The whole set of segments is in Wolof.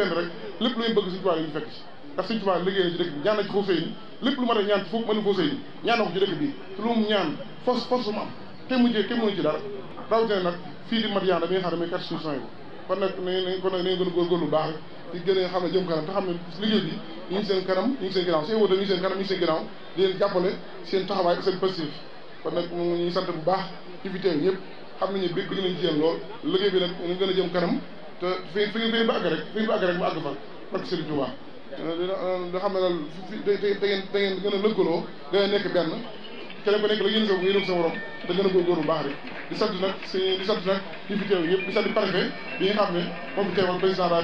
leen rek lépp lu ngeen bëgg Sëñ Tuubaa yi ñu fekk ci ndax lépp lu ma a ñaan ci foofu mënu Xuseyn ñaan na ko ci dëkk bi te lu mu ñaan force force mu am a góorgóorlu baax rek a xam ne jëm kanam te xam ne liggéey bi ñu ngi seen kanam ñu seen ginnaaw seen wóote ñu seen kanam ñu seen ginnaaw leen jàppale seen taxawaay seen passif kon ñu ngi bu baax ci fi teew ñëpp xam nañu bég bëgg nañ ci yéen lool liggéey bi nag ñu gën a jëm kanam te fii fii fii ba àgg rek fii ba àgg rek mu àgg fa barke xam ne daal da gën a lëkkaloo da nekk benn keneen ku nekk la yéen sa yéen sa morom te gën a góorgóorlu bu baax rek di sant nag si di sant nag ñi fi teew yëpp di sant préfet xam ne moom fi teewal président de la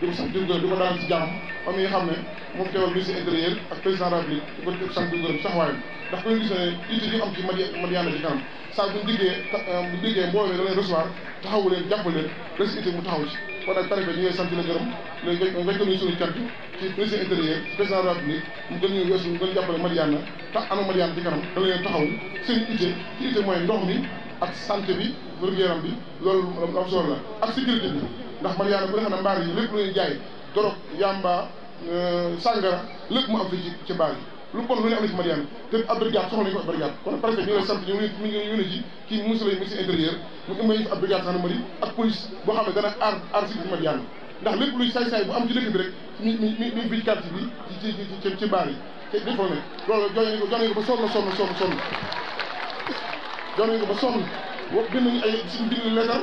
du ma daal ci jàmm am yi xam ne moom teewal ministre intérieur ak président de la République di ko sant di gërëm taxawaayam ndax bu ñu gis ne unité bi am ci Madiyana ci kanam saa bu ñu diggee euh, da leen recevoir taxawu leen jàpp leen des unité mu taxaw ci kon nag préfet ñu ngi sant la gërëm léegi gëj gëj suñu cant ci président intérieur président de la République mu gën jàppale Madiyana tax ana Madiyana ci kanam da leen taxaw seen unité unité mooy ndox mi ak santé bi wér ndax man yaa ku ne xam ne mbaar yi lépp lu ñuy jaay dorog yamba euh, sàngara lépp mu am fi ci ci yi lu bon lu ne am na ci te ab brigade soxla nañu ko ab brigade kon préfet ñu lay sant ñu mi ak police boo xam ne dana aar aar si Madiyana ndax lépp luy saay-saay bu am ci dëkk bi rek mi mi mi mi biir quartier bi ci ci yi te defoo ne loolu jox nañu ko jox nañu ko ba sonn sonn sonn sonn jox nañu ko ba sonn bind nañu ay suñu bind lettre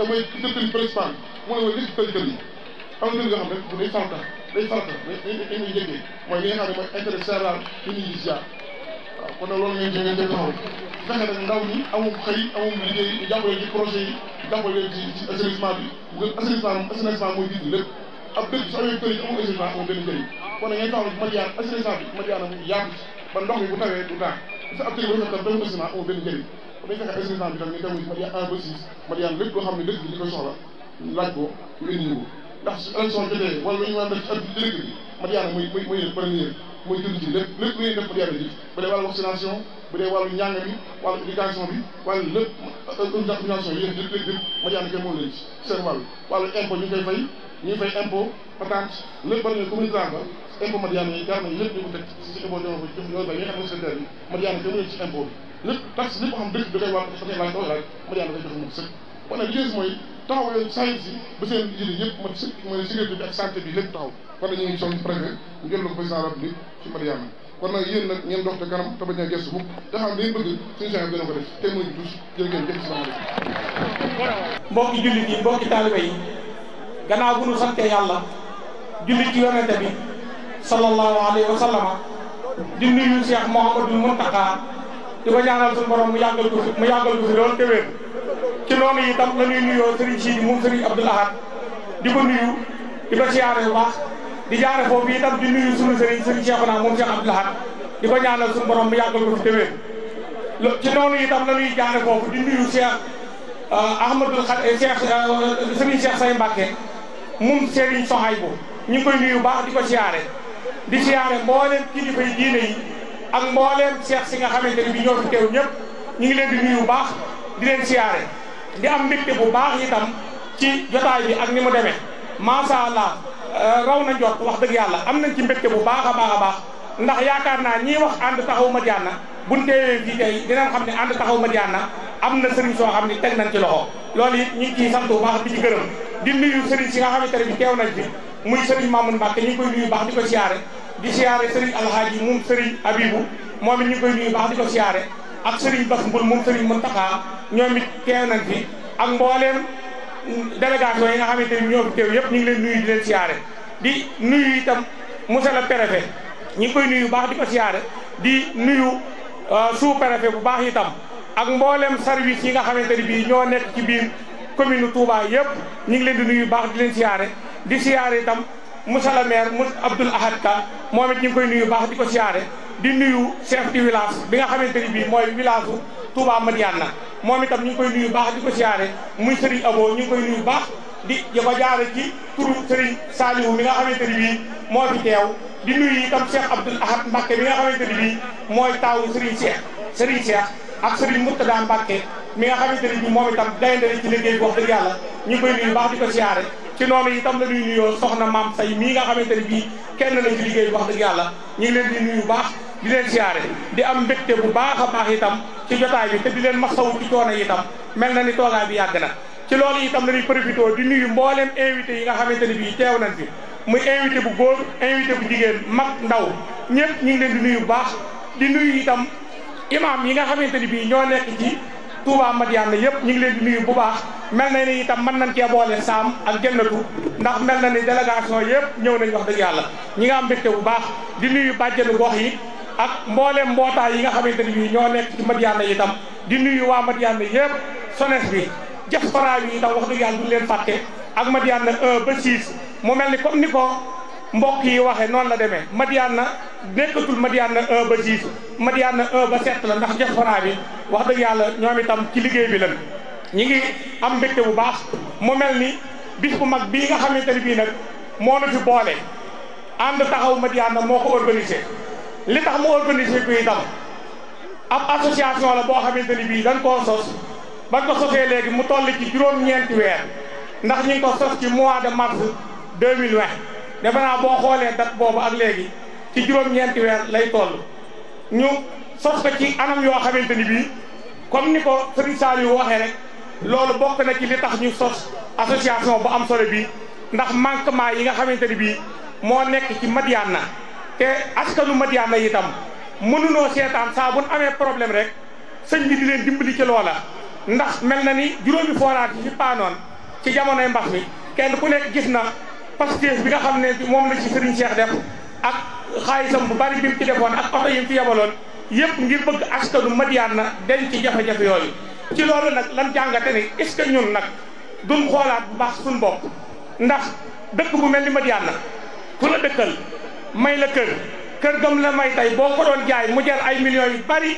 te mooy ki jël kër principal mu ne ma lépp kër kër yi am na kër nga xam ne day farata day farata day day muy jëkkee mooy li nga xam ne mooy intérêt général ñu ngi gis jaar waaw kon nag loolu ngeen jëlee ngeen taxaw fexe nag ndaw ñi amum xëy amum liggéey ñu jàppale ci projet yi jàppale leen ci ci assainissement bi bu gën assainissement moom assainissement mooy jiitu lépp ab dëkk su amee kër yi amul assainissement amul benn njëriñ kon nag ngeen taxaw ci Madiane assainissement bi Madiane amul yaatu ba ndox mi bu tawee du taa sa ab kër bu rafet tam benn assainissement amul benn njëriñ day fexe résultat bi tam ñu dem ba un ba six Madiane lépp loo xam ne dëkk bi ñu koy soxla laaj ko nga indi ko ndax su élection jotee wala lu ñu mën a def ci at dëkk bi Madiane mooy mooy mooy première mooy jënd ci lépp lépp lu ñuy def Madiane ji bu dee wàllu vaccination bu dee wàllu njàng bi wàllu éducation bi wàllu lépp organisation yi yëpp yëpp yëpp Madiane kenn moo leen ci seen wàll wàllu impôt ñu koy fay ñu fay impôt patente lépp bari na commune Tamba impôt Madiane yi gar na yëpp ñu ko teg ci impôt ñoo ko jox ñoo ko ñoo xam ne seen bi Madiane kenn mu leen ci impôt bi lépp tax lépp xam dëkk bi koy wax dafa koy laaj doo laaj ma yàlla koy jox moom sëkk mooy taxaw leen science yi ba seen yële yëpp man mooy sécurité bi ak santé jël ko a ko def te muy jullit yi mbokki taalibe yi gannaaw bu sante yàlla jullit ci yonente bi sallallahu alayhi wa sallama di nuyu Cheikh Mouhamadou Mountakha di ko ñaanal suñu borom mu yàggal ko fi mu yàggal ko fi loolu te wér ci noonu itam la ñuy nuyoo Serigne Sidi moom Serigne Abdoul Ahad di ko nuyu di ko siyaare bu baax di jaare foofu itam di nuyu suñu Serigne Serigne Cheikhouna moom Cheikh Abdoul Ahad di ko ñaanal suñu borom mu yàggal ko fi te ci noonu itam la jaare foofu di nuyu Cheikh euh, Ahmadou Cheikh euh, Serigne Say Mbacke moom Serigne Sohaybou ñu ngi koy nuyu baax di ko siyaare di siyaare mboolem kilifa yi diine yi ak mbooleem seex si nga xamante ni bi ñoo fi teew ñëpp ñu ngi leen di nuyu bu baax di leen siyaare di am mbégte bu baax itam ci jotaay bi ak ni mu demee macha allah euh, raw na njot wax dëgg yàlla am na ci mbégte bu baax a baax a baax ndax yaakaar naa ñii wax ànd taxawu na bu teewee fii tey dinañ xam ne ànd taxawu Madiyana am na sëriñ soo xam ni teg nan ci loxo loolu it ñu ngi ciy sant bu baax di gërëm di nuyu sëriñ si nga xamante ne bi teew na fi muy sëriñ Mamoun Mbacke ñu ngi koy di siyaare Serigne Alhaaji moom Serigne Abibou moom it ñu koy nuyu baax di ko siyaare ak Serigne Bass Mbour moom Serigne Mountakha ñoom it teew nañ fi ak mbooleem délégation yi nga xamante ni ñoo fi teew yëpp ñu ngi leen nuyu di leen siyaare di nuyu itam monsieur le préfet ñu ngi koy nuyu baax di ko siyaare di nuyu euh, suu préfet bu baax itam ak mboolem service yi nga xamante ni bii ñoo nekk ci biir commune Touba yëpp ñu ngi leen di nuyu baax di leen siyaare di siyaare itam monsieur le maire monsieur Abdoul Ahad Ka moom it ñu ngi koy nuyu baax di ko siyaare di nuyu chef du village bi nga xamante ni bii mooy village u Touba Madiyana moom itam ñu koy nuyu baax di ko siyaare muy Serigne Abo ñu ngi koy nuyu baax di di ko jaare ci turu Serigne Saliou mi nga xamante ni bii moo fi teew di nuyu itam Cheikh Abdoul Ahad Mbacké mi nga xamante ni bii mooy taawu Serigne Cheikh Serigne Cheikh ak Serigne Mourtada Mbacke mi nga xamante ne bi moom itam dayndale ci liggéey bi wax dëgg yàlla ñu koy nuyu baax di ko siyaare ci noonu itam la ñuy kenn la wax dëgg yàlla ñu leen di nuyu baax di leen siyaare di am mbégte bu baax a baax itam ci jotaay bi te di leen maxawu ci coono yi itam mel na ni toogaay bi yàgg na ci loolu itam la ñuy profité di nuyu mbooleem invité yi nga xamante ne bii teew nañ fi muy invité bu góor invité bu jigéen mag ndaw ñëpp ñu ngi leen di nuyu baax di nuyu itam imaam yi nga xamante ni bii ñoo nekk ci Touba Madiana yëpp ñu ngi leen di nuyu bu baax mel na ni itam mën nañ cee boole saam ak jënnatu ndax mel na ni délégation yëpp ñëw nañ wax dëgg yàlla ñi nga am mbégte bu baax di nuyu bàjjenu gox yi ak mbooleem mbootaay yi nga xamante ni bii ñoo nekk ci Madiana itam di nuyu waa Madiana yëpp sones bi diaspora yi itam wax dëgg yàlla duñu leen fàtte ak Madiana 1 ba mu mel ni comme ni ko mbokk yi waxee noonu la demee Madiana nekkatul Madiana 1 ba 10 Madiana 1 ba 7 la ndax diaspora bi wax dëgg yàlla ñoom itam ci liggéey bi lan ñi ngi am mbégte bu baax mu mel ni bi ku mag bii nga xamante ne bii nag moo na fi boole ànd taxaw Madiana moo ko organisé li tax mu organisé ko itam ab association la boo xamante ni bii lan koo sos bañ ko sosee léegi mu toll ci juróom-ñeenti weer ndax ñu ngi ko ci mois de mars 2020 defe naa boo xoolee date boobu ak léegi ci juróom-ñeenti weer lay toll ñu sos ko ci anam yoo xamante ni bii comme ni ko Serigne Saliou waxee rek loolu bokk na ci li tax ñu sos association bu am solo bii ndax manquement yi nga xamante ni bii moo nekk ci na te askanu Madiyana itam mënunoo seetaan saa bu amee problème rek sëñ bi di leen dimbali ci loola ndax mel na ni juróomi forage yi paanoon ci jamonoy mbax mi kenn ku nekk gis na pastéef bi nga xam ne moom la ci Serigne Cheikh def ak xaalisam bu bari bi mu ci defoon ak oto yi mu fi yabaloon yëpp ngir bëgg askanu Madiyana na denc ci jafe-jafe yooyu ci loolu nag lan jàngate ni est-ce ñun nag duñ xoolaat bu baax suñ bopp ndax dëkk bu mel ni Madiyana ku la dëkkal may la kër kër gam la may tey boo ko doon jaay mu jar ay millions yu bari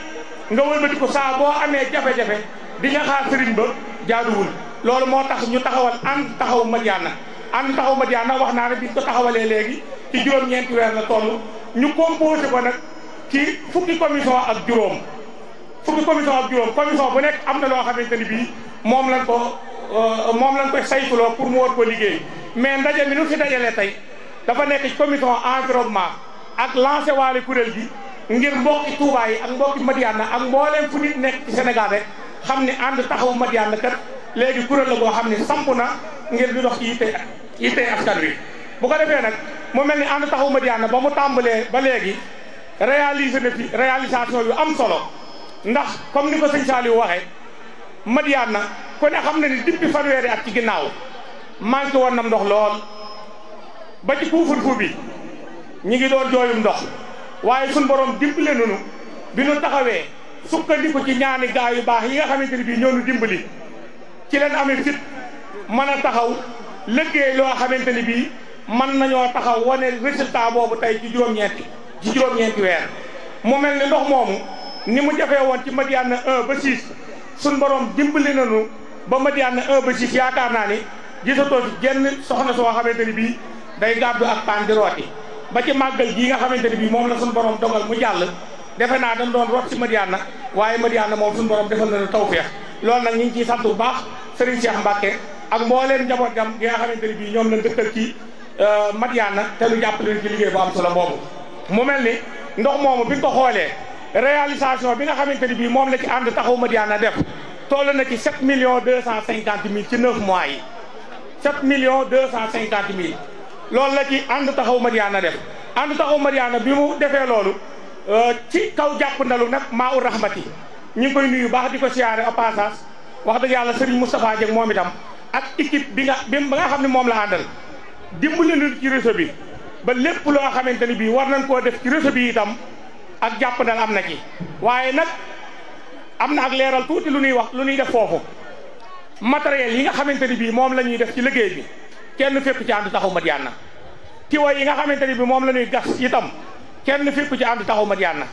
nga wëlbati ko saa boo amee jafe-jafe di nga xaar sëriñ ba jaaduwul loolu moo tax ñu taxawal ànd taxaw Madiyana ànd taxaw Madiyana wax naa ne biñ ko taxawalee léegi ci juróom-ñeenti weer na toll ñu composé ko nag ci fukki commission ak juróom fukki commission ak juróom commission bu nekk am na loo xamante ni bii moom lañ ko euh, moom lañ koy saytuloo pour mu war ko liggéey mais ndaje mi nu fi dajalee tey dafa nekk ci commission environnement ak lancé waale kuréel gi ngir mbokki Touba yi ak mbokki Madiyana ak mbooleem fu nit nekk ci Sénégal rek xam ni ànd taxawu Madiyana kat léegi kuréel la goo xam ne samp na ngir bi ndox ci yitte yitte askan wi bu ko defee nag mu mel ni ànd taxawu Madiyana ba mu tàmbalee ba léegi réalisé na fi réalisation yu am solo ndax comme ni ko sëñ Saliou waxee Madiyana ku xam na ni depuis fanweeri at ci ginnaaw manqué woon na ndox lool ba ci couvre-feu bi ñi ngi doon jooyum ndox waaye suñ borom dimbale nunu bi nu taxawee sukkandiku ci ñaani gaa yu baax yi nga xamante ni bii ñoo nu dimbali ci leen amee fit mën a taxaw liggéey loo xamante ni bii mën nañoo taxaw wane résultat boobu tey ci juróom-ñeenti ci juróom weer mu mel ni ndox moomu ni mu jafee woon ci Madiane 1 ba 6 suñ borom dimbali nañu ba Madiane 1 ba 6 yaakaar naa ni gisatoo ci genn soxna soo xamante ni bii day gàddu ak paan di rooti ba ci màggal gii nga xamante ni bii moom la suñ borom dogal mu jàll defe naa dañ doon root ci Madiane waaye Madiane moom suñ borom defal na nu tawfeex loolu nag ñu ngi bu baax Serigne Cheikh Mbacke ak mbooleem njaboot jam gi nga xamante ne bii ñoom na dëkkal ci euh, Madiana te lu jàpp leen ci liggéey bu am solo boobu mu mel ni ndox moomu bi nga ko xoolee réalisation bi nga xamante ne bii moom la ci ànd taxaw Madiana def toll na ci 7 millions 250 mille ci 9 mois yi 7 millions 250 mille loolu la ci ànd taxaw Madiana def ànd taxaw Madiana bi mu defee loolu euh, ci kaw jàpp ndalu nag maa u rahmati ñu ngi koy nuyu baax di ko siyaare a passage wax dëgg yàlla Serigne Moustapha Dieng moom itam ak équipe bi nga bi nga xam ne moom la àndal dimbali nu ci réseau bi ba lépp loo xamante ni bii war nañ koo def ci réseau bi itam ak jàpp dal am na ci waaye nag am na ak leeral tuuti lu ñuy wax lu ñuy def foofu matériel yi nga xamante ni bii moom la ñuy def ci liggéey bi kenn fépp ci ànd taxaw Madiyana tiwo yi nga xamante ni bii moom la ñuy gas itam kenn fépp ci ànd taxaw Madiyana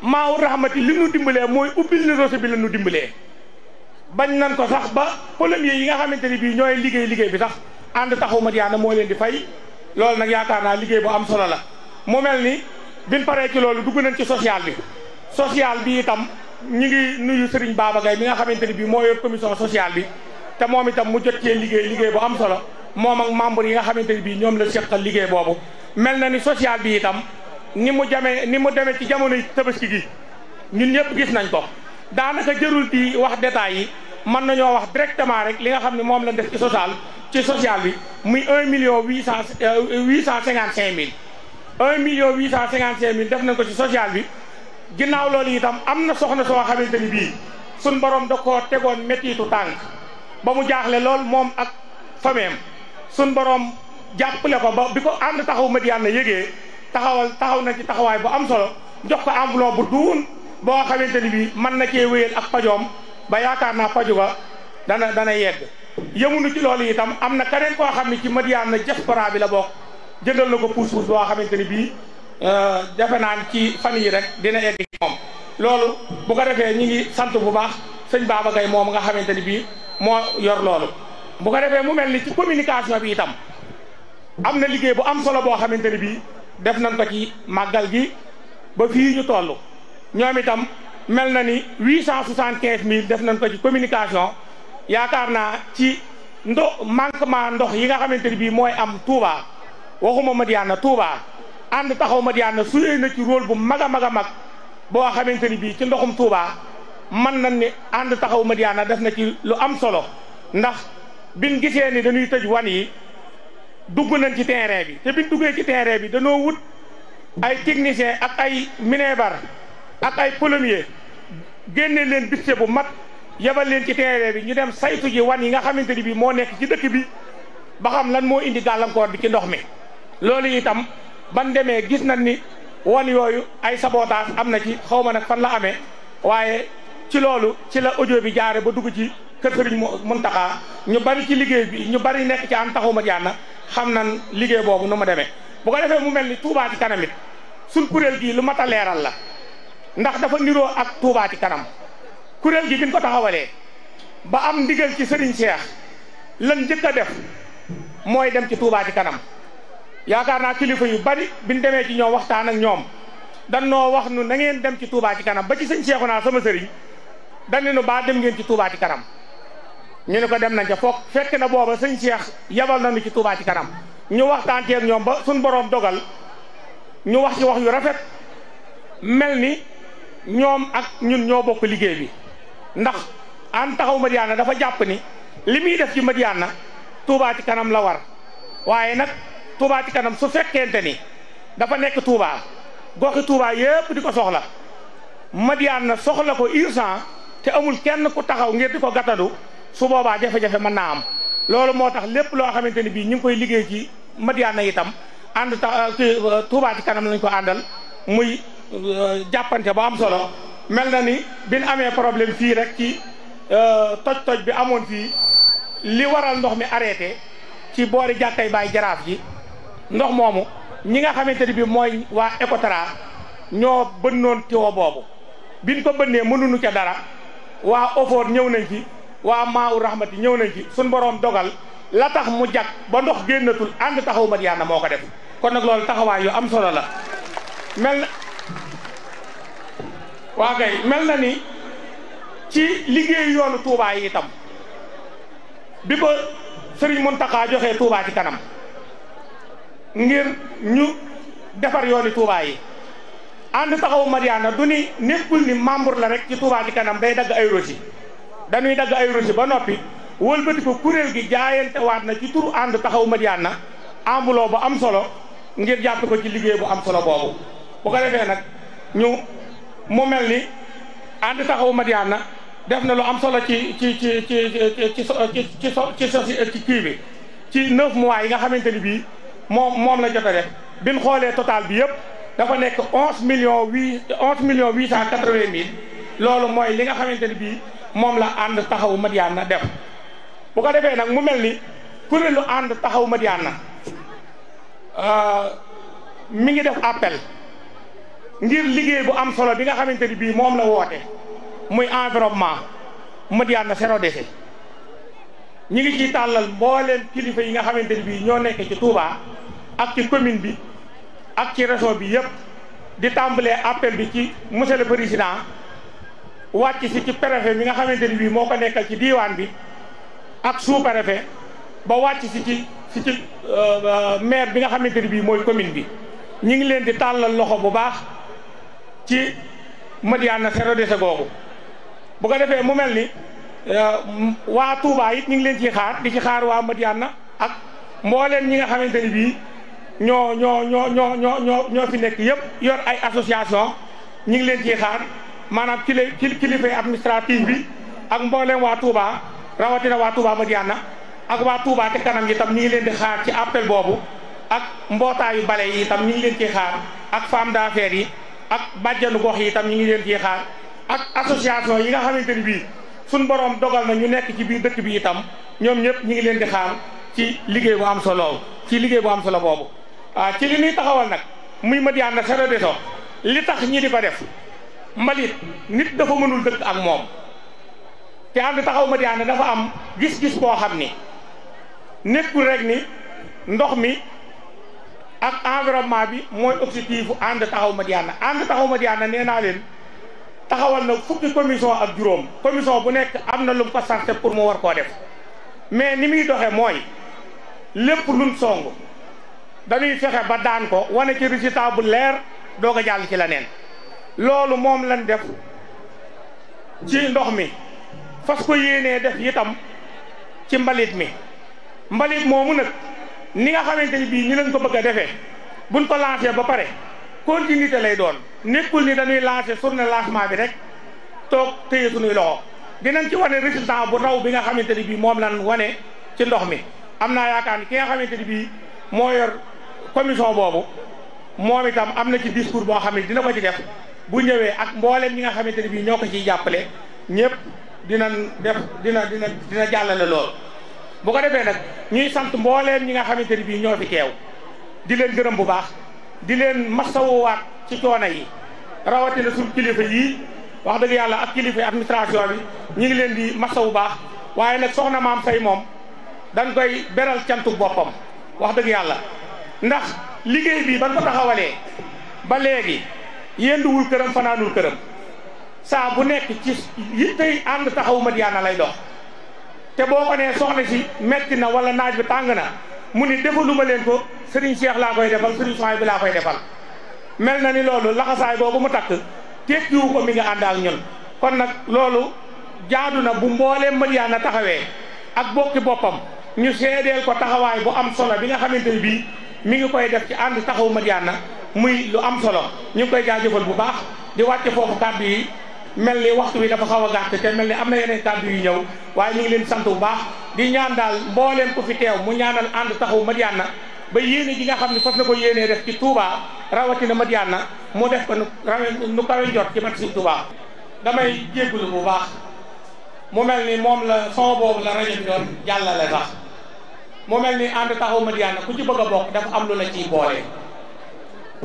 maawu rahmati li nu dimbalee mooy ubbil ni réseau bi la nu dimbalee bañ nan ko sax ba plombier yi nga xamante ni bii ñooy liggéey liggéey bi sax ànd taxawu Madiyana moo leen di fay loolu nag yaakaar naa liggéey bu am solo la mu mel ni biñ paree ci loolu dugg nañ ci social bi social bi itam ñu ngi nuyu Serigne Baba Gaye mi nga xamante ni bii moo yor commission sociale bi te moom itam mu jot cee liggéey liggéey bu am solo moom ak membre yi nga xamante ni bii ñoom la seqal liggéey boobu mel na ni social bi itam ni mu jamee ni mu demee ci jamonoy tabaski gi ñun ñëpp gis nañ ko daanaka jërul di wax détails yi mën nañoo wax directement rek li nga xam ne moom lañ def ci social ci social bi muy un million huit cent euh, huit cent cinquante cinq mille un million huit cent cinquante cinq mille def nañ ko ci social bi ginnaaw loolu itam am na soxna soo xamante ni bii suñ borom da koo tegoon méttiitu tànk ba mu jaaxle lool moom ak fameem suñ borom jàppale ko ba bi ko ànd taxaw Madiyana yëgee taxawal taxaw na ci taxawaay bu am solo jox ko enveloppe bu duun boo xamante ni bii mën na cee wéyal ak pajoom ba yaakaar naa faju ba dana dana yegg yëmunu ci loolu itam am na keneen koo xam ne ci Madiyana na diaspora bi la bokk jëndal na ko puus-puus boo xamante ni bii euh, defe naan ci fan yi rek dina egg moom loolu bu ko defee ñi sant bu baax sëñ Baba Gaye moom nga xamante ni bii moo yor loolu bu ko defee mu mel ni ci communication bi itam am na liggéey bu am solo boo xamante ni bii def nañ ko ci màggal gi ba fii ñu toll ñoom itam mel na ni huit cent soixante quinze mille def nañ ko ci communication yaakaar naa ci ndo manquement ndox yi nga xamante ni bii mooy am Touba waxuma na Touba ànd taxaw na suyee na ci rôle bu mag a mag mag boo xamante ni bii ci ndoxum Touba man nañ ni ànd taxaw na def na ci lu am solo ndax biñ gisee ni dañuy tëj wan yi dugg nañ ci terrain bi te biñ duggee ci terrain bi dañoo wut ay technicien ak ay minebar ak ay plombier génne leen budget bu mag yebal leen ci terrain bi ñu dem saytu ji wan yi nga xamante ni bi moo nekk ci dëkk bi ba xam nan moo indi gàllankoor bi ci ndox mi loolu itam ban demee gis nañ ni wan yooyu ay sabotage am na ci xawma nag fan la amee waaye ci loolu ci la audio bi jaare ba dugg ci kër Sëriñ Muntaxa ñu bari ci liggéey bi ñu bari nekk ci an taxuma jaana xam nan liggéey boobu nu ma demee bu ko defee mu mel ni Tuubaa ci kanam it kuréel gii lu mat leeral la ndax dafa niroo ak Touba ci kanam kuréel gi biñ ko taxawalee ba am ndigal ci Serigne Cheikh lan njëkk a def mooy dem ci Touba ci kanam yaakaar naa kilifa yu bari biñ demee ci ñoom waxtaan ak ñoom dan noo wax nu na ngeen dem ci Touba ci kanam ba ci sëñ Cheikhu naa sama sëriñ dan ne nu baa dem ngeen ci Touba ci kanam ñu ne ko dem nañ ca foog fekk na booba sëñ Cheikh yabal na nañu ci Touba ci kanam ñu waxtaan ci ak ñoom ba suñ boroom dogal ñu wax ci wax yu rafet mel ni ñoom ak ñun ñoo bokk liggéey bi ndax an taxaw Madiyana dafa jàpp ni li muy def ci Madiyana Touba ci kanam la war waaye nag Touba ci kanam su fekkente ni dafa nekk Touba goxi tuubaa yépp di ko soxla Madiyana soxla ko urgent te amul kenn ku taxaw ngir di ko gàttandu su boobaa jafe-jafe mën naa am loolu moo tax lépp loo xamante ni bii ñu ngi koy liggéey ci Madiyana itam ànd tax euh, Touba ci kanam lañ ko àndal muy jàppante boo am solo mel na ni bin amee problème fii rek ci euh, toj-toj bi amoon fii li waral ndox mi arrêté ci boori jàkkay baay jaraaf ji ndox moomu ñi nga xamante ni bi mooy waa Ecotra ñoo bënnoon tiwo boobu bin ko bënnee mënuñu ca dara waa Ofoor ñëw nañ ci waa Maawu Rahmati ñëw na ci suñ boroom dogal la tax mu jag ba ndox génnatul ànd taxawu Madiyana moo ko def kon nag loolu taxawaay yu am solo la mel waa kay mel na ni ci liggéey yoonu Touba yi itam bi ko Serigne Mountakha joxee tuubaa ci kanam ngir ñu defar yooni Touba yi ànd taxawu Madiyana du ni nekkul ni membre la rek ci Touba ci kanam day dagg ay rosi dañuy dagg ay rosi ba noppi wëlbati ko kuréel gi jaayante waat na ci tur ànd taxawu na ambuloo bu am solo ngir jàpp ko ci liggéey bu am solo boobu bu ko defee nag ñu mu mel ni ànd taxawu Madiyana def na lu am solo ci ci ci ci ci ci ci ci kii bi ci neuf mois yi nga xamante ni bii moom moom la jote def bi ñu xoolee total bi yëpp dafa nekk onze million huit onze million huit cent quatre-vingt mille loolu mooy li nga xamante ni bii moom la ànd taxawu Madiyana def bu ko defee nag mu mel ni kuréelu ànd taxawu Madiyana euh, mi ngi def appel ngir liggéey bu am solo bi nga xamante ni bii moom la woote muy environnement na zéro déchet ñi ngi ci tàllal mbooleem kilifa yi nga xamante ni bii ñoo nekkee ci Touba ak ci commune bi ak ci région bi yépp di tàmbalee appel bi ci monsieur le président wàcc si ci préfet bi nga xamante ni bii moo ko nekkal ci diiwaan bi ak sous-préfet ba wàcc si ci si ci euh, euh, maire bi nga xamante ni bii mooy commune bi ñi ngi leen di tàllal loxo bu baax ci Madiana zéro déchet googu bu ko defee mu mel ni euh, waa Touba it ñu ngi leen ciy xaar di ci xaar waa Madiana ak mbooleen ñi nga xamante ni bii ñoo ñoo ñoo ñoo ñoo ñoo ñoo fi nekk yëpp yor ay association ñu ngi leen ciy xaar maanaam kili kilifay administratif bi ak mbooleem waa Touba rawatina waa Touba Madiana ak waa Touba te kanam yi tam ñu ngi leen di xaar ci appel boobu ak mbootaayu bale yi tam ñu ngi leen ciy xaar ak femme d'affaires yi. ak bàjjanu gox yi itam ñu ngi leen ciy xaar ak association yi nga xamante ni bii suñ borom dogal na ñu nekk ci biir dëkk bi itam ñoom ñëpp ñu ngi leen di xaar ci liggéey bu am solo ci liggéey bu am solo boobu. ah ci li ñuy taxawal nag muy na Madiyana Zéro Déchet li tax ñi di ko def mbalit nit dafa mënul dëkk ak moom te ànd taxaw Madiyana dafa am gis-gis koo xam ni nekkul rek ni ndox mi. ak environnement bi mooy objectif ànd taxaw Madiyana ànd taxaw Madiyana nee naa leen taxawal na fukki commission ak juróom commission bu nekk am na lu mu ko santé pour mu war koo def mais ni muy doxe mooy lépp luñ song dañuy fexe ba daan ko wane ci résultat bu leer doo a jàll ci la neen loolu moom lañ def ci ndox mi fas ko yéenee def itam ci mbalit mi mbalit moomu nag ni nga xamante ni bii ni lañ ko bëgg a defee buñ ko lancé ba pare continuité lay doon nekkul ni dañuy lancé journée lancement bi rek toog téye suñuy loxo dinañ ci wane résultat bu raw bi nga xamante ni bii moom lan wane ci ndox mi am naa yaakaar ni ki nga xamante ni bii moo yor commission boobu moom itam am na ci discours boo xam ne dina ko ci def bu ñëwee ak mboolem ñi nga xamante ni bii ñoo ko ciy jàppale ñëpp dinañ def dina dina dina jàllale lool bu ko defee nag ñuy sant mbooleem ñi nga xamante ni bii ñoo fi teew di leen gërëm bu baax di leen masawuwaat ci coono yi rawatina suñu kilifa yii wax dëgg yàlla ak kilifa administration bi ñu ngi leen di masawu baax waaye nag soxna maam say moom dañ koy beral cantu boppam wax dëgg yàlla ndax liggéey bi ban ko taxawalee ba léegi yenduwul këram fanaanul këram saa bu nekk ci yittey ànd taxawu Madiyana lay dox te boo ko nee soxna si metti na wala naaj bi tàng na mu ni defaluma leen ko Serigne Cheikh laa koy defal Serigne Sohaibou bi laa koy defal mel na ni loolu laxasaay boobu mu takk tekkiwu ko mi nga ànd ak ñun kon nag loolu jaadu na bu mbooleem na taxawee ak bokki boppam ñu seedeel ko taxawaay bu am solo bi nga xamante ni bii mi ngi koy def ci ànd taxawu na muy lu am solo ñu ngi koy jaajëfal bu baax di wàcce foofu kàddu yi mel ni waxtu bi dafa xaw a gàtt te mel ni am na yu ñëw waaye ñu ngi leen sant bu baax di ñaan daal mbooleem ku fi teew mu ñaanal ànd taxawu Madiyana ba yéene ji nga xam ne fas na ko yéenee rek ci Touba rawatina Madiyana mu def ko nu rawe nu kawe ci mat si Touba damay jéggulu bu baax mu mel ni moom la son boobu la rajo bi doon jàllale sax mu mel ni ànd taxawu Madiyana ku ci bëgg a bokk dafa am lu la ciy boole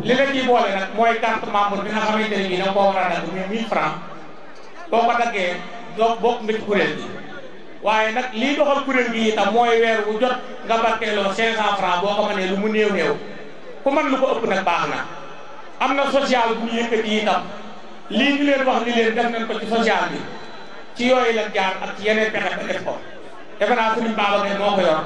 li la ciy boole nag mooy carte membre bi nga xamante ne bii da nga koo war a dagg muy boo ko daggee bokk nga ci waaye nag lii doxal kuréel gi itam mooy weer wu jot nga barkeeloo 500 francs boo ko mënee lu mu néew néew ku mën lu ko ëpp nag baax na am na social bu ñu yëkkati itam lii ñu leen wax ni leen def nañ ko ci social bi ci yooyu la jaar ak ci yeneen pexe ba def defe naa suñu baaba ngeen moo ko yor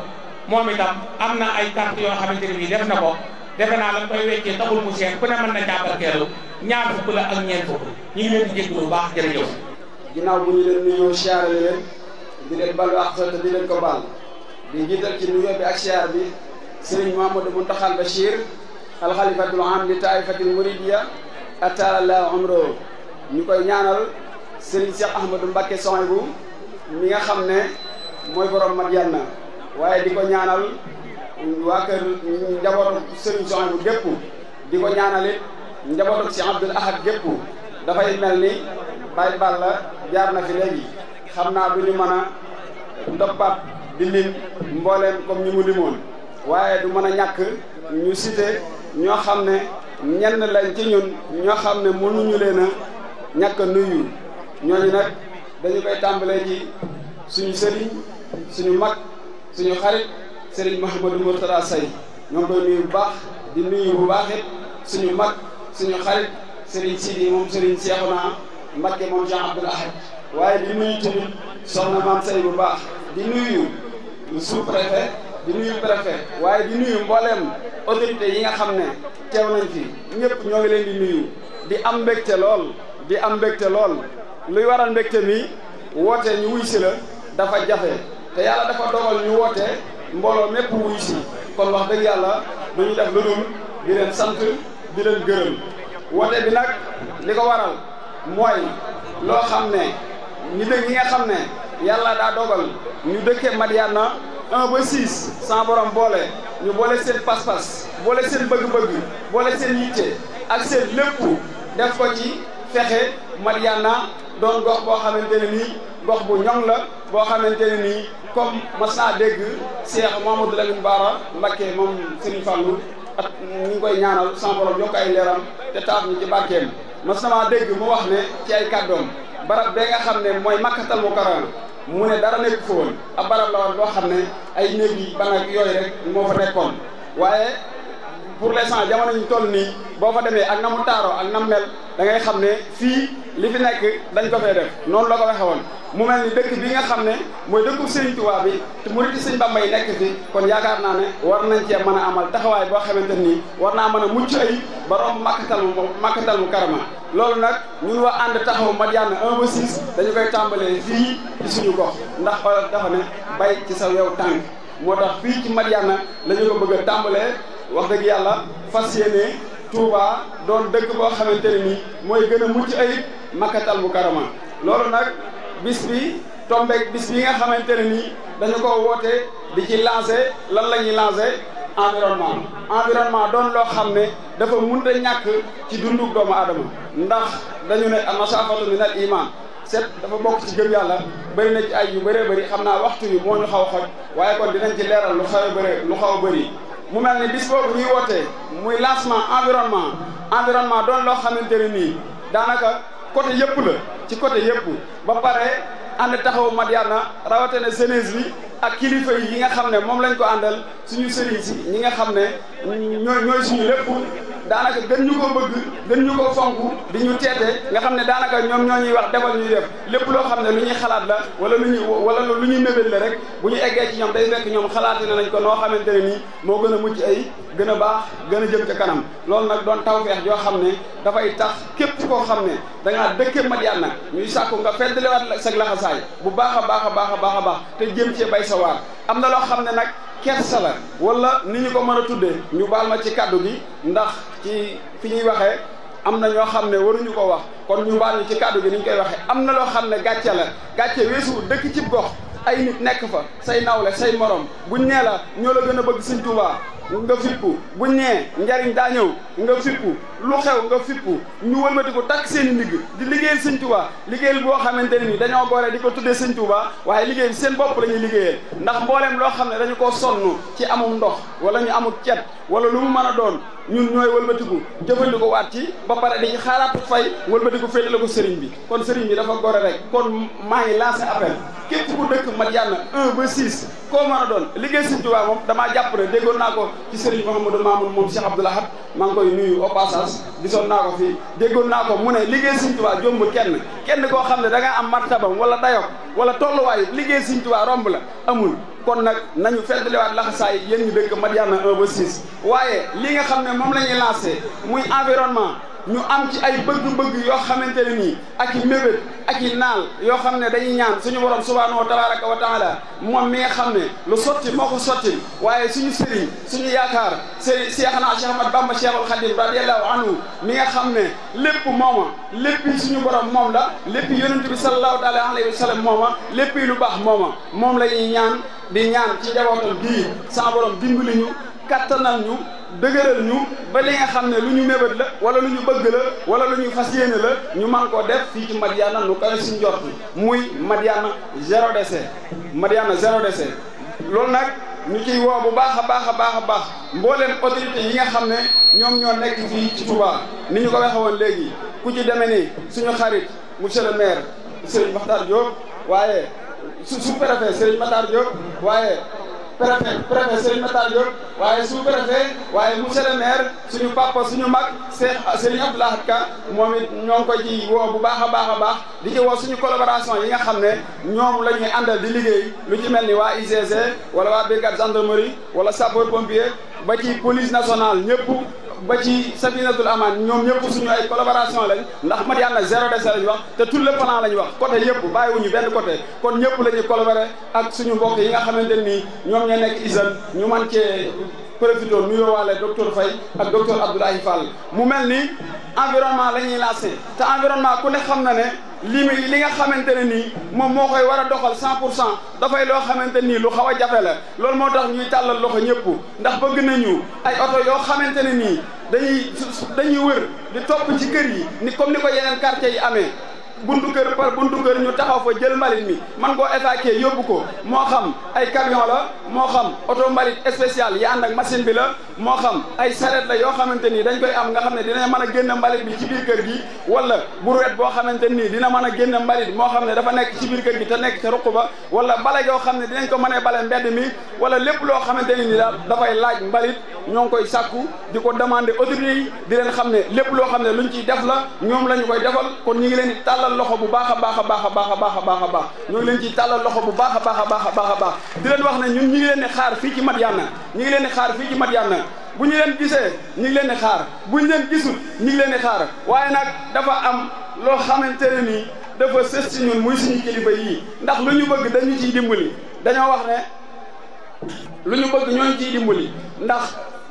moom itam am na ay carte yoo xamante ne bii def na ko defe naa lañ koy weccee taxul mu seen ku ne mën na jàppal keelu ñaar fukk la ak ñeent fukk ñu ngi baax jërëjëf. ginnaaw bu di leen balu àq te di leen ko bal di jiital ci nuyoo bi ak siyaar bi sëriñ Mouhamadou Mountakha Bachir alxalifatul am li taifatil muridiya ataalala umro ñu koy ñaanal sëriñ Cheikh Ahmadou Mbacké Souhaïbou mi nga xam ne mooy borom Madiana waaye di ko ñaanal waa kër njabootu sëriñ Souhaïbou gépp di ko ñaanal it njabootu si Abdoul Ahad gépp dafay mel ni Baye Balla jaar na fi léegi xam naa du ñu mën a ndoppaat di lim mbooleem comme ñi mu waaye du mën a ñàkk ñu cité ñoo xam ne ñenn lañ ci ñun ñoo xam ne mënuñu leen a ñàkk a nuyu ñooñu nag dañu koy tàmbalee ci suñu sëriñ suñu mag suñu xarit sëriñ Mouhamadou Mourtada Seye ñoo ngi koy nuyu di nuyu bu baax it suñu mag suñu xarit sëriñ Sidi moom sëriñ Cheikhouna Mbacke moom Jean Abdoul waaye di nuyu tamit soxna man say bu baax di nuyu sous préfet di nuyu préfet waaye di nuyu mbooleem autorité yi nga xam ne teew nañ fi ñëpp ñoo ngi leen di nuyu di am mbégte lool di am mbégte lool luy waral mbégte mi woote ñu wuy la dafa jafe te yàlla dafa dogal ñu woote mbooloo mépp wuy si kon wax dëgg yàlla duñu def lu dul di leen sant di leen gërëm woote bi nag li ko waral mooy loo xam ne ñu dëkk ñi nga xam ne yàlla daa dogal ñu dëkkee Madiana 1 ba 6 sans borom boole ñu boole seen pas-pas boole seen bëgg-bëgg boole seen yitte ak seen lépp def ko ci fexe Madiana doon gox boo xamante ne nii gox bu ñoŋ la boo xamante ne nii comme mas naa dégg Cheikh Mamadou Lamine Bara Mbacké moom Serigne Fallou ak ñu ngi koy ñaanal sans borom yokk ay leeram te taaf ñu ci barkeem mas naa dégg mu wax ne ci ay kàddoom barab bee nga xam ne mooy makkatal mu karama mu ne dara nekk fóon a barab la woon loo xam ne ay néeg yi ban ak yooyu rek moo fa nekkoon waaye pour l'instant jamono ñu toll nii boo fa demee ak na mu taaroo ak na mu mel da ngay xam ne fii li fi nekk dañ ko fee def noonu la ko waxe woon mu mel ni dëkk bi nga xam ne mooy dëkku Serigne Touba bi te murid Serigne Bamba yi nekk fi kon yaakaar naa ne war nañ cee mën a amal taxawaay boo xamante nii war naa mën a mucc ay ba romb makkatal mu makkatal mu karama loolu nag ñun wa ànd taxawu Madiyana 1 ba 6 dañu koy tàmbalee fii suñu gox ndax olof dafa ne bay ci sa yow tànk moo tax fii ci Madiyana la ñu ko bëgg a wax dëgg yàlla fas yéene Touba doon dëkk boo xamante ne nii mooy gën a mucc ayib makkatal bu karama loolu nag bis bi tombeek bis bi nga xamante ne nii dañu ko woote di ci lancé lan la ñuy lancé. environnement environnement doon loo xam ne dafa mënut a ñàkk ci dundug doomu aadama ndax dañu ne masafatu min al iman set dafa bokk ci gëm yàlla bëri na ci ay yu bëree bëri xam naa waxtu bi moo ñu xaw xoj waaye kon dinañ ci leeral lu xaw bëri lu xaw bëri mu mel ni bis boobu ñuy wootee muy lancement environnement environnement doon loo xamante ne nii daanaka côté yëpp la ci côté yëpp ba pare ànd taxawu Madiyana rawatina jeunesse bi ak kilifa yi nga xam ne moom lañ ko àndal suñu sëriñ si ñi nga xam ne ñooy ñooy suñu lépp daanaka gën ñu ko bëgg gën ñu ko fonk di ñu teete nga xam ne daanaka ñoom ñoo ñuy wax defal ñuy def lépp loo xam ne lu ñuy xalaat la wala lu ñuy wala lu ñuy mébél la rek bu ñu eggee ci ñoom day fekk ñoom xalaati nañ ko noo xamante ne nii moo gën a mucc ay gën a baax gën a jëm ca kanam loolu nag doon tawfeex yoo xam ne dafay tax képp koo xam ne da ngaa dëkkee Madiyana nag ñuy sàkku nga feddliwaat sag laxasaay bu baax a baax a baax a baax a baax te jëm cee bay sa waar am na loo xam ne nag kersa la wala ni ñu ko mën a tuddee ñu baal ma ci kàddu gi ndax ci fi ñuy waxe am na ñoo xam ne waruñu ko wax kon ñu baal ñu ci kàddu gi ni koy waxee am na loo xam ne gàcce la gàcce weesu dëkk cib gox ay nit nekk fa say nawle say morom buñ nee la ñoo la gën a bëgg Sëñ nga fippu buñ nee njariñ daa ñëw nga fippu lu xew nga fippu ñu wëlbati ko takk seen i ndigg di liggéeyal sëñ Tuubaa liggéeyal boo xamante ne ni dañoo boole di ko tuddee sëñ Tuubaa waaye liggéey seen bopp la ñuy ndax mbooleem loo xam ne dañu ko sonn ci amum ndox wala ñu amul cet wala lu mu mën a doon ñun ñooy wëlbatiku jëfandiku waat ci ba pare di xaalaatu fay wëlbatiku féete la ko sëriñ bi kon sëriñ bi dafa gore rek kon maa ngi lancé appel képp ku dëkk Madiana 1 ba 6 koo mën a doon liggéey sëñ Tuubaa moom damaa jàpp ne déggoon naa ko ci Serigne Mouhamadou Mamoun moom Cheikh Abdoul Ahad maa ngi koy nuyu au passage gisoon naa ko fii déggoon naa ko mu ne liggéey Serigne Touba jomb kenn kenn koo xam ne da ngaa am martabam wala dayok wala tolluwaay liggéey Serigne Touba romb la amul kon nag nañu feddaliwaat laxasaay yéen ñu dëkk Madiana 1 ba 6 waaye lii nga xam ne moom la ñuy lancé muy environnement ñu am ci ay bëgg-bëgg yoo xamante ne nii ak i mébét ak i naal yoo xam ne dañuy ñaan suñu borom subhaanahu wa tabaraka wa moom mi nga xam ne lu sotti moo ko sotti waaye suñu sëriñ suñu yaakaar sëriñ Seexna Cheikh Ahmad Bamba Cheikhul Khadim radiyallahu anhu mi nga xam ne lépp mooma lépp suñu borom moom la lépp yonent bi sallallahu taala alayhi wa sallam mooma lépp lu baax mooma moom lañu ñaan di ñaan ci njabootam gii sa borom dimbali ñu kattanal ñu dëgëral ñu ba li nga xam ne lu ñu mébét la wala lu ñu bëgg la wala lu ñu fas yéene la ñu man koo def fii ci Madiana nu kawe suñ jot muy Madiana zéro déchet Madiana zéro déchet loolu nag ñu ciy woo bu baax a baax a baax a baax mbooleem autorité yi nga xam ne ñoom ñoo nekk fii ci Touba ni ñu ko waxe woon léegi ku ci demee ni suñu xarit monsieur le maire Serigne Makhtar Diop waaye su sous-préfet waaye préfet préfet Serigne Matar waaye sous préfet waaye monsieur le maire suñu papa suñu mag Cheikh Serigne Abdou Lahad Ka moom it ko ci woo bu baax a baax a baax di ci woo suñu collaboration yi nga xam ne ñoom la ñuy àndal di liggéey lu ci mel ni waa ICC wala waa brigade gendarmerie wala sapeur pompier ba ci police nationale ñëpp ba ci Sabinatul Aman ñoom ñëpp suñu ay collaboration lañ ndax Madiyana zéro déchet lañ wax te tout le plan lañ wax côté yëpp bàyyiwuñu benn côté kon ñëpp la ñuy collaborer ak suñu mbokk yi nga xamante ñu man cee profité nuyoo waale docteur ak docteur Abdoulaye Fall mu mel ni environnement la ñuy te environnement ku ne xam na ne li mu li nga xamante ne nii moom moo koy war a doxal cent pour cent dafay loo xamante nii lu xaw a jafe la loolu moo tax ñuy tàllal loxo ñëpp ndax bëgg dañuy dañuy wër di topp ci kër yi ni comme ni ko yeneen quartier yi amee buntu kër par buntu kër ñu taxaw fa jël mbalit mi man koo évacuer yóbbu ko moo xam ay camion la moo xam oto mbalit spécial yi ànd ak machine bi la moo xam ay charrette la yoo xamante nii dañ koy am nga xam ne dina mën a génn mbalit bi ci biir kër gi wala brouette boo xamante nii dina mën a génn mbalit moo xam ne dafa nekk ci biir kër gi te nekk ca ruq ba wala bale yoo xam ne dinañ ko mënee bale mbedd mi wala lépp loo xamante ni ni daal dafay laaj mbalit ñoo ngi koy sàkku di ko demande autorité yi di xam ne lépp loo xam ne luñ ciy def la ñoom la ñu koy defal kon ñu ngi leen tàllal loxo bu baax a baax a baax a baax a baax a baax a baax ñoo ngi leen ci tàllal loxo bu baax a baax a baax a baax a baax di leen wax ne ñun ñi ngi leen di xaar fii ci Madiyana ñi ngi leen di xaar fii ci Madiyana bu ñu leen gisee ñi ngi leen di xaar bu ñu leen gisul ñi ngi leen di xaar waaye nag dafa am loo xamante ne nii dafa sës ci ñun muy suñu kilifa yii ndax lu ñu bëgg dañu ciy dimbali dañoo wax ne lu ñu bëgg ñooñu ciy dimbali ndax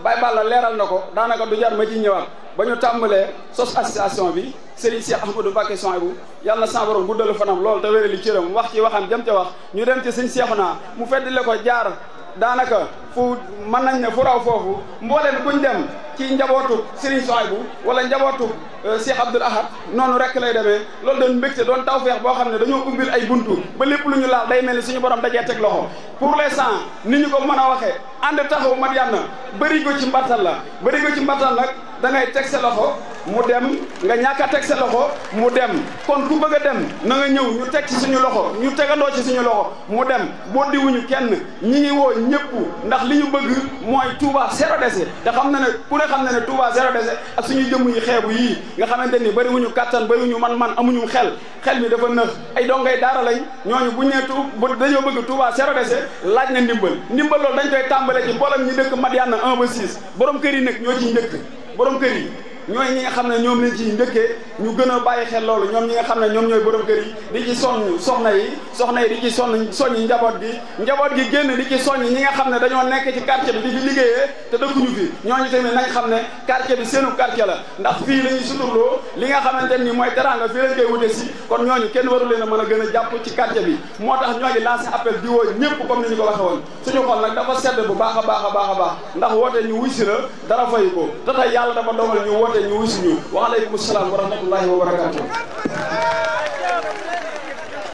Baye Balla leeral na ko daanaka du jar ma ci ñëwaat ba ñu tàmbalee sos association bi Serigne Cheikh Ahmadou Mbacké Souhaïbou yàlla na sa borom guddalu fanam loolu te wérali cëram wax ci waxam jëm ca wax ñu dem ci Serigne Cheikhouna mu feddle ko jaar daanaka fu mën nañ ne fu raw foofu mbooleem kuñ dem ci njabootu Serigne Souhaïbou wala njabootu euh, Cheikh Abdoul Ahad noonu rek lay demee loolu doon mbégte doon tawfeex boo xam ne dañoo ubbil ay buntu ba lépp lu ñu laal day mel ni suñu borom dajee teg loxo pour san ni ñu ko mën a waxee ànd taxawu mat yàlla bëri ko ci mbattal la bëri ko ci mbattal nag da ngay teg sa loxo mu dem nga ñàkk a teg sa loxo mu dem kon ku bëgg a dem na nga ñëw ñu teg ci suñu loxo ñu tegandoo ci suñu loxo mu dem boo diwuñu kenn ñi ngi woo ñëpp ndax li ñu bëgg mooy Touba zéro déchet te xam na ne ku ne xam na ne Touba zéro déchet ak suñu jëmm yi xeebu yii nga xamante ni bëriwuñu kattan bëriwuñu man-man amuñu xel xel mi dafa nëx ay dongay daara lañ ñooñu buñ nee tu dañoo bëgg Touba zéro déchet laaj na ndimbal ndimbal loolu dañ koy tàmbale ci mboolem ñi dëkk Madiana 1 ba 6 borom kër yi nag ñoo ciy njëkk borom kër yi ñooy ñi ne ñoom lañ ciy njëkkee a xam ne ñoom ñooy borom kër yi di ci yi soxna yi di ci sonn soññ njaboot gi njaboot gi génn nga xam ne dañoo nekk ci quartier bi di fi liggéeyee te dëkkuñu fi ñooñu tamit nañ xam ne quartier bi seenu quartier la ndax fii la ñuy li nga xamante ni mooy teranga fii lañ koy wute si kon ñooñu kenn waru leen a mën a gën a jàpp ci quartier bi moo tax ñoo ngi lancé appel di woo ñëpp comme ni ñu ko waxe woon suñu xol nag dafa sedd bu baax a baax a baax a baax ndax woote ñu wuy si la dara fayu ko te tey yàlla dafa dogal ñu woote wootee ñu wuyu si ñu wa aleykum salaam wa rahmatullahi wa barakatuh